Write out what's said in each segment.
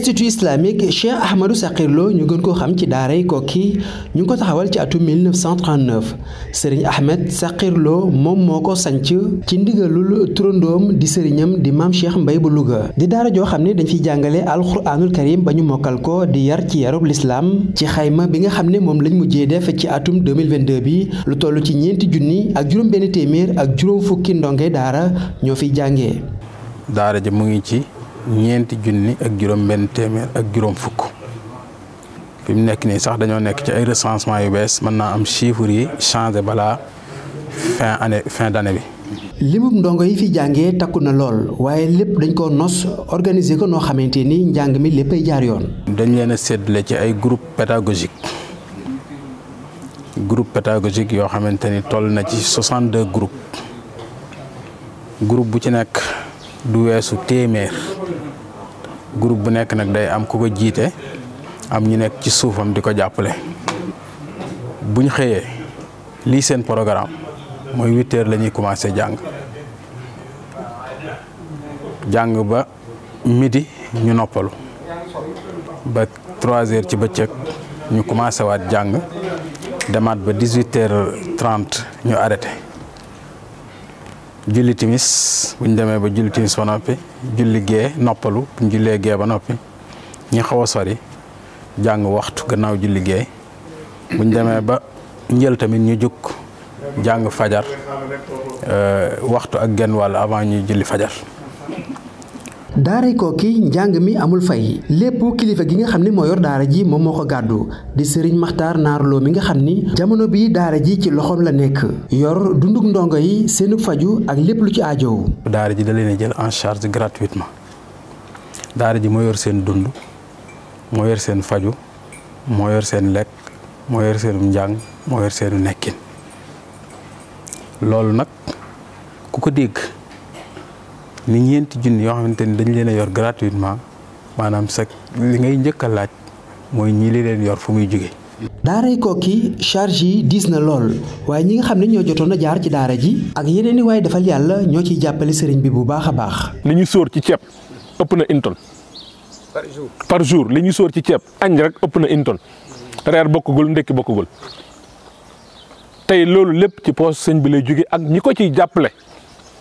institut islamique Cheikh Ahmadou Sakhir ñu gën koo xam ci daaray Koki ñu ngi ko taxawal ci atum 1939 sëriñ Ahmed Sakhir Lo moom moo ko sanc ci ndigalul turandoom di sëriñam di maam Cheikh Mbay bu Louga di daara joo xam ne dañ fiy jàngale alxuraanul karim ba ñu mokkal ko di yar ci yarub lislaam ci xayma bi nga xam ne moom lañ mujjee def ci atum 2022 bi lu toll ci ñeenti junni ak juróom benn téeméer ak juróom fukki ndonge daara ñoo fiy jàngee daara ja mu ngi ci ñeenti junni ak juróom benn téeméer ak juróom fukk fi mu nekk nii sax dañoo nekk ci ay recensement yu bees mën naa am chiffres yi changé balaa fin année fin d'année bi. limub ndongo yi fi jàngee takku na lool waaye lépp dañ ko nos organiser ko noo xamante ni njàng mi léppay jaar yoon. dañ leen a séddale ci ay groupe pédagogique groupe pédagogique yoo xamante ni toll na ci 62 groupes groupe bu ci nekk. du weesu téeméer groupe bu nekk nag day am ku ko jiite am ñu nekk ci suufam di ko jàppale. bu ñu xëyee lii seen programme mooy huit heures la ñuy commencé jàng jàng ba midi ñu noppalu ba trois heures ci bëccëg ñu commencé waat jàng demaat ba dix huit heures ñu arrêté. julli timis bu ñu demee ba julli timis ba noppi julli gee noppalu bu ñu jullee gee ba noppi ñu xaw a sori jàng waxtu gannaaw julli gee bu ñu demee ba njël tamit ñu jukk jàng fajar euh, waxtu ak genn wàll avant ñuy julli fajar daaray Koki njàng mi amul fay lépp kilifa gi nga xam ne moo yor daara ji moom moo ko gàddu di sëriñ Maxtaar naaruloo mi nga xam ni jamono bi daara ji ci loxoom la nekk yor dunduk ndongo yi seenu faju ak lépp lu ci aajow daara ji da leen jël en charge gratuitement daara ji moo yor seen dund moo yor seen faju moo yor seen lekk moo yor seenu njàng moo yor seenu nekkin loolu nag ku ko dégg ni ñeenti junni yoo xamante ni dañ leen a yor gratuitement maanaam sa li ngay njëkk laaj mooy ñi li leen yor fu muy jóge daaray Koki charge yi diis na lool waaye ñi nga xam ne ñoo jotoon a jaar ci daara ji ak yeneen i waaye defal yàlla ñoo ciy jàppale sëriñ bi bu baax a baax li ñu soor ci ceeb ëpp na une par jour li ñu sóor ci ceeb añ rek ëpp na une tonne reer bokkagul ndekki bokkagul tey loolu lépp ci poos sëñ bi lay jóge ak ñi ko ciy jàppale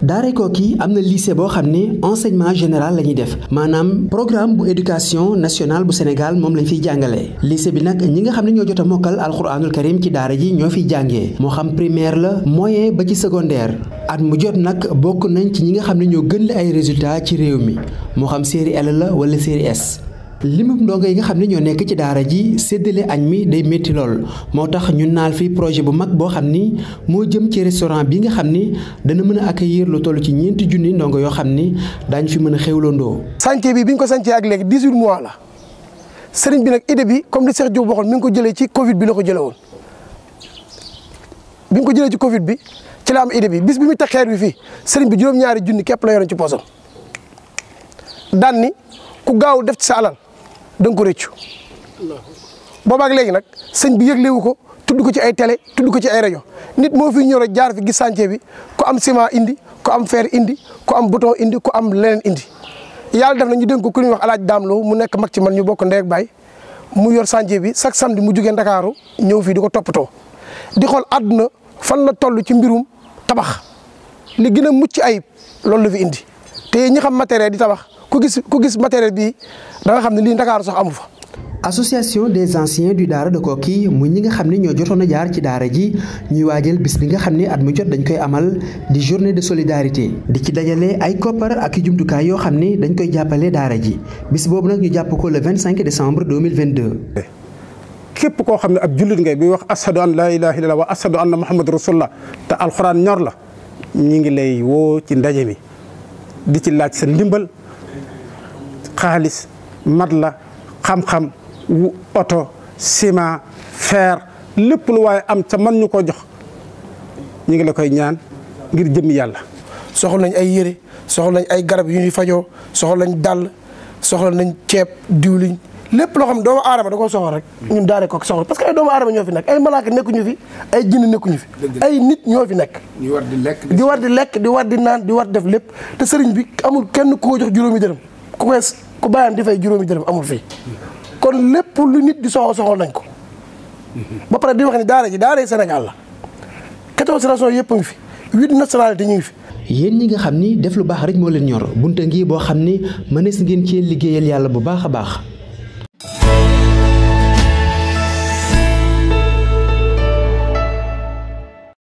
daare Koki am na lycée boo xam ne enseignement général la ñuy def maanaam programme bu éducation nationale bu Sénégal moom lañ fiy jàngalee lycée bi nag ñi nga xam ne ñoo jot a mokkal alxuraanul karim ci daara ji ñoo fiy jàngee moo xam primaire la moyen ba ci secondaire at mu jot nag bokk nañ ci ñi nga xam ne ñoo gën la ay résultats ci réew mi moo xam série L la wala série S limug ndongo yi nga xam ne ñoo nekk ci daara ji séddale añ mi day métti lool moo tax ñu naal fi projet bu mag boo xam ni moo jëm ci restaurant bi nga xam ni dana mën a accueillir lu toll ci ñeenti junni ndongo yoo xam ni daañ fi mën a xewlandoo chantier bi bi ñu ko sancee ak léegi 18 mois la sëriñ bi nag idée bi comme li Cheikh Diop waxoon mi ngi ko jëlee ci Covid bi ko jëlee ko jëlee ci Covid bi ci la am idée bi bis bi mu teg xeer bi fii sëriñ bi juróom-ñaari junni képp la yoroon ci poosam daan ku gaaw def ci da nga ko boobaak léegi nag sëñ bi yëglewu ko tudd ko ci ay télé tudd ko ci ay rajo nit moo fi ñëw rek jaar fi gis chantier bi ko am ciment indi ku am fer indi ko am butoo indi ko am leneen indi yàlla def na ñu dénk ko ku ñuy wax alaaj daam loo mu nekk mag ci man ñu bokk ndeeg baay mu yor chantier bi chaque samedi mu jugee ndakaaru ñëw fii di ko toppatoo di xool àdduna fan la toll ci mbirum tabax li gën a mucc ayib loolu la fi indi te ñi xam matériel di tabax ku gis ku gis matériel bi da xam ne lii Ndakaaru sax amu fa. association des anciens du daara de kii muy ñi nga xam ne ñoo jotoon a jaar ci daara ji ñuy waajal bis bi nga xam ne at mu jot dañ koy amal di journée de solidarité di ci dajale ay koppar ak i jumtukaay yoo xam ne dañ koy jàppale daara ji bis boobu nag ñu jàpp ko le 25 décembre 2022. képp koo xam ne ak jullit ngay bi wax ashadu an laa ilaaha illallah wa ashadu anna muhammad rasulullah te alxuraan ñor la ñu ngi lay woo ci ndaje mi di ci laaj sa ndimbal. xaalis matla xam-xam wu oto ciment fer lépp lu waaye am ca man ñu ko jox ñu ngi la koy ñaan ngir jëm yàlla. soxla nañ ay yére soxla nañ ay garab yu ñuy fajoo soxla nañ dàll soxla nañ ceeb diwliñ lépp loo xam doomu aadama da koo soxla rek. ñun daare ko soxla parce que ay doomu aadama ñoo fi nekk ay malaaka nekkuñu fi ay jinne nekkuñu fi. ay nit ñoo fi nekk. di war di lekk di war di lekk di war di naan di war def lépp te sëriñ bi amul kenn ku ko jox juróomi dërëm ku ku bàyyam di fay juróomi dërëm amul fii kon lépp lu nit di soxla soxo nañ ko. ba pare di wax ne daara ji daara Sénégal la quatorze nations yëpp ngi fi huit nationalités ñu ngi fi. yéen ñi nga xam ni def lu baax rek moo leen ñor bunte ngi boo xam ne mën ni si ngeen cee liggéeyal yàlla bu baax a baax.